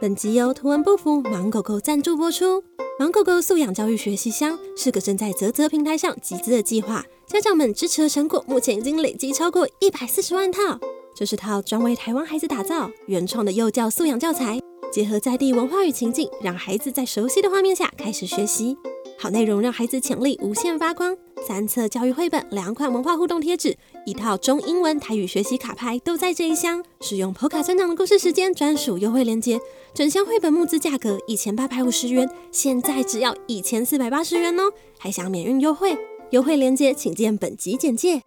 本集由圖文不符芒狗狗贊助播出。芒狗狗素養教育學習箱是個正在嘖嘖平台上集資的計劃，家長們支持的成果目前已經累計超過一百四十萬套。這是套專為台灣孩子打造原創的幼教素養教材，結合在地文化與情境，讓孩子在熟悉的畫面下開始學習。好內容讓孩子潛力無限發光。三冊教育繪本，兩款文化互動貼紙。一套中英文台語學習卡牌都在這一箱，使用 Poca 村長的故事時間專屬優惠鏈接，整箱繪本募資價格一千八百五十元，現在只要一千四百八十元哦，還享免運優惠，優惠鏈接請見本集簡介。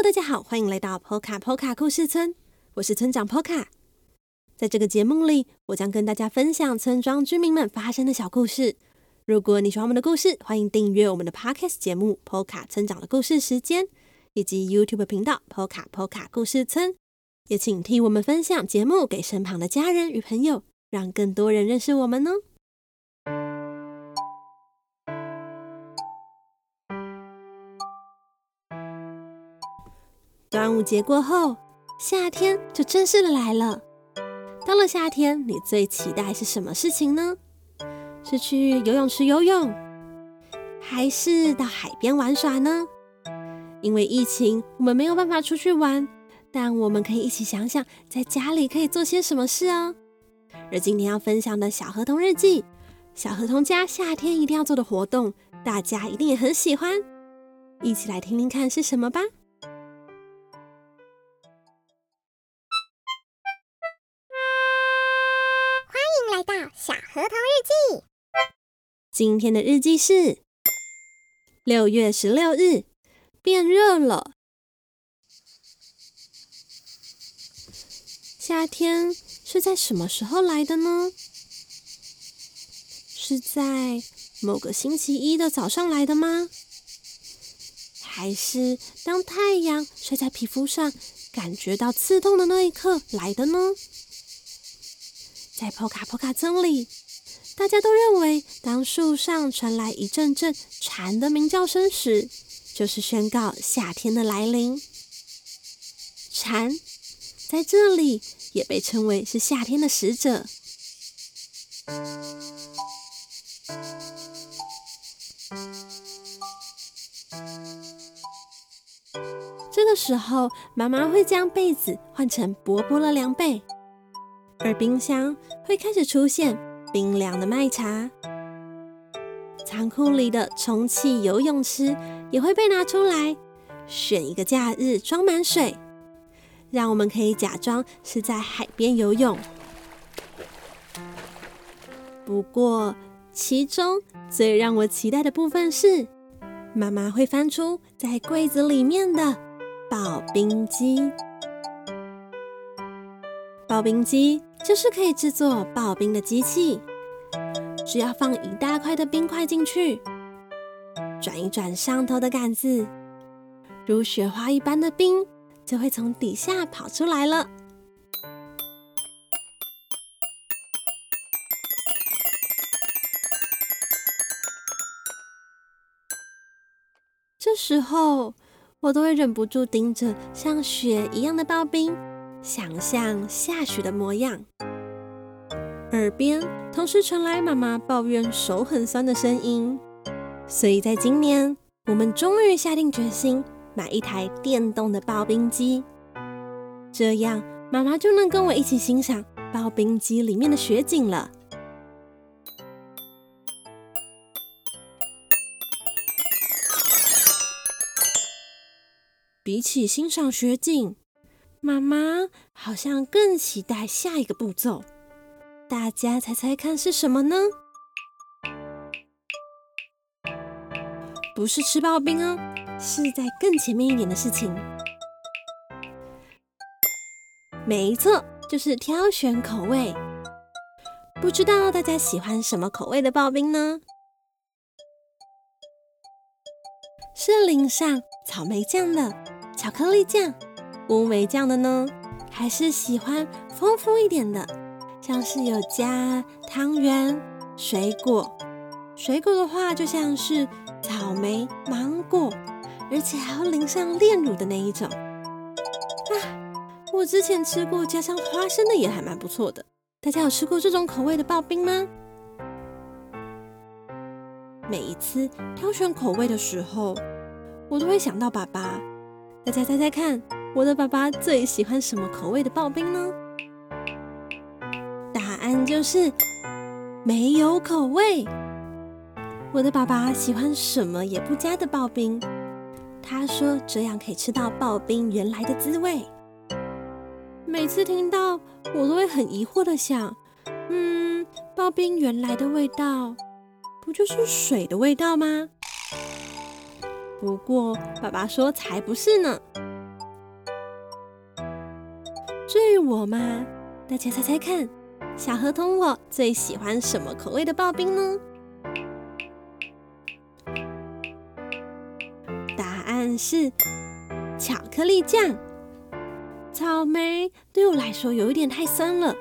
大家好，歡迎來到 Pocapoca 故事村，我是村長 Poca。在這個節目裡，我將跟大家分享村莊居民們發生的小故事。如果你喜歡我們的故事，歡迎訂閱我們的 Podcast 節目《Poca 村長的故事時間》，以及 YouTube 頻道 Pocapoca 故事村。也請替我們分享節目給身旁的家人與朋友，讓更多人認識我們哦。端午節過後，夏天就正式的來了。到了夏天，你最期待是什麼事情呢？是去游泳池游泳，還是到海邊玩耍呢？因為疫情，我們沒有辦法出去玩，但我們可以一起想想，在家裡可以做些什麼事哦。而今天要分享的小河童日記，小河童家夏天一定要做的活動，大家一定也很喜歡。一起來聽聽看是什麼吧。小河童日記，今天的日記是六月十六日，變熱了。夏天是在什麼時候來的呢？是在某個星期一的早上來的嗎？還是當太陽曬在皮膚上，感覺到刺痛的那一刻來的呢？在波卡波卡村裡，大家都認為，當樹上傳來一陣陣蟬的鳴叫聲時，就是宣告夏天的來臨。蟬在這裡也被稱為是夏天的使者。這個時候，媽媽會將被子換成薄薄的涼被，而冰箱，會開始出現冰涼的麥茶，倉庫裡的充氣游泳池也會被拿出來，選一個假日裝滿水，讓我們可以假裝是在海邊游泳。不過，其中最讓我期待的部分是，媽媽會翻出在櫃子裡面的刨冰機，刨冰機。就是可以製作刨冰的機器，只要放一大塊的冰塊進去，轉一轉上頭的杆子，如雪花一般的冰就會從底下跑出來了。這時候，我都會忍不住盯着像雪一樣的刨冰。想象下雪的模樣，耳邊同時傳來媽媽抱怨手很酸的聲音。所以在今年，我們終於下定決心買一台電動的刨冰機，這樣媽媽就能跟我一起欣賞刨冰機裡面的雪景了。比起欣賞雪景。媽媽好像更期待下一個步驟，大家猜猜看是什麼呢？不是吃刨冰哦，是在更前面一點的事情。沒錯，就是挑選口味。不知道大家喜歡什麼口味的刨冰呢？是淋上草莓醬的、巧克力醬。烏梅醬的呢，還是喜歡豐富一點的，像是有加湯圓、水果。水果的話，就像是草莓、芒果，而且還要淋上煉乳的那一種。啊，我之前吃過加上花生的，也還蠻不錯的。大家有吃過這種口味的刨冰嗎？每一次挑選口味的時候，我都會想到爸爸。大家猜猜看，我的爸爸最喜歡什麼口味的刨冰呢？答案就是沒有口味。我的爸爸喜歡什麼也不加的刨冰，他說這樣可以吃到刨冰原來的滋味。每次聽到，我都會很疑惑地想，嗯，刨冰原來的味道，不就是水的味道嗎？不過，爸爸說才不是呢。至於我嘛，大家猜猜看，小河童我最喜歡什麼口味的刨冰呢？答案是巧克力醬。草莓對我來說有一點太酸了，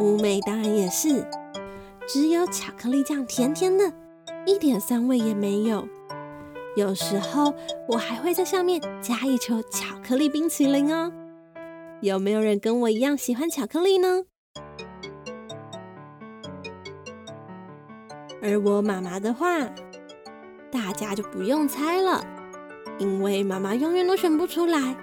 烏梅當然也是，只有巧克力醬甜甜的，一點酸味也沒有。有時候我還會在上面加一球巧克力冰淇淋哦。有沒有人跟我一樣喜歡巧克力呢？而我媽媽的話，大家就不用猜了，因為媽媽永遠都選不出來，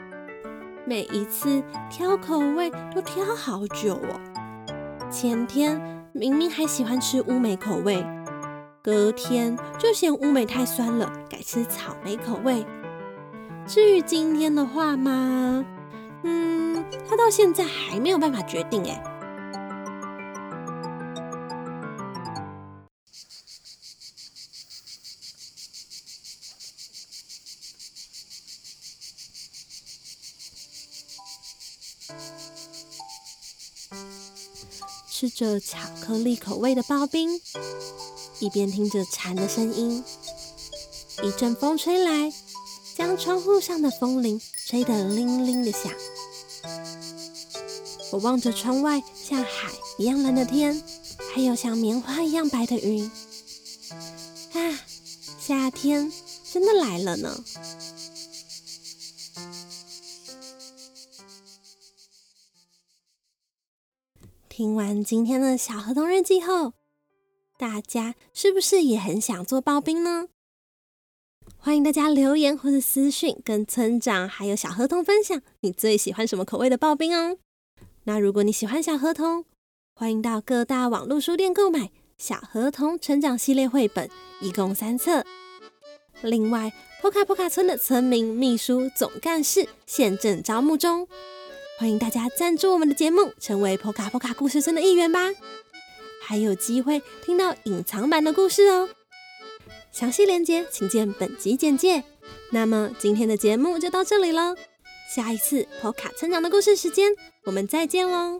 每一次挑口味都挑好久哦。前天明明還喜歡吃烏梅口味。隔天就嫌烏梅太酸了，改吃草莓口味。至於今天的話嘛？嗯，他到現在還沒有辦法決定哎。吃着巧克力口味的刨冰。一邊聽着蟬的聲音，一陣風吹來，將窗戶上的風鈴吹得鈴鈴的響。我望着窗外像海一樣藍的天，還有像棉花一樣白的雲，啊，夏天真的來了呢！聽完今天的小河童日記後。大家是不是也很想做刨冰呢？歡迎大家留言或者私訊，跟村長還有小河童分享你最喜歡什麼口味的刨冰哦。那如果你喜歡小河童，歡迎到各大網絡書店購買《小河童成長系列繪本》，一共三冊。另外，Pocapoca 村的村民、秘書、總幹事現正招募中，歡迎大家贊助我們的節目，成為 Pocapoca 故事村的一員吧。還有機會聽到隱藏版的故事哦，詳細連結請見本集簡介。那麼今天的節目就到這裡了，下一次 Poca 村長的故事時間，我們再見嘍。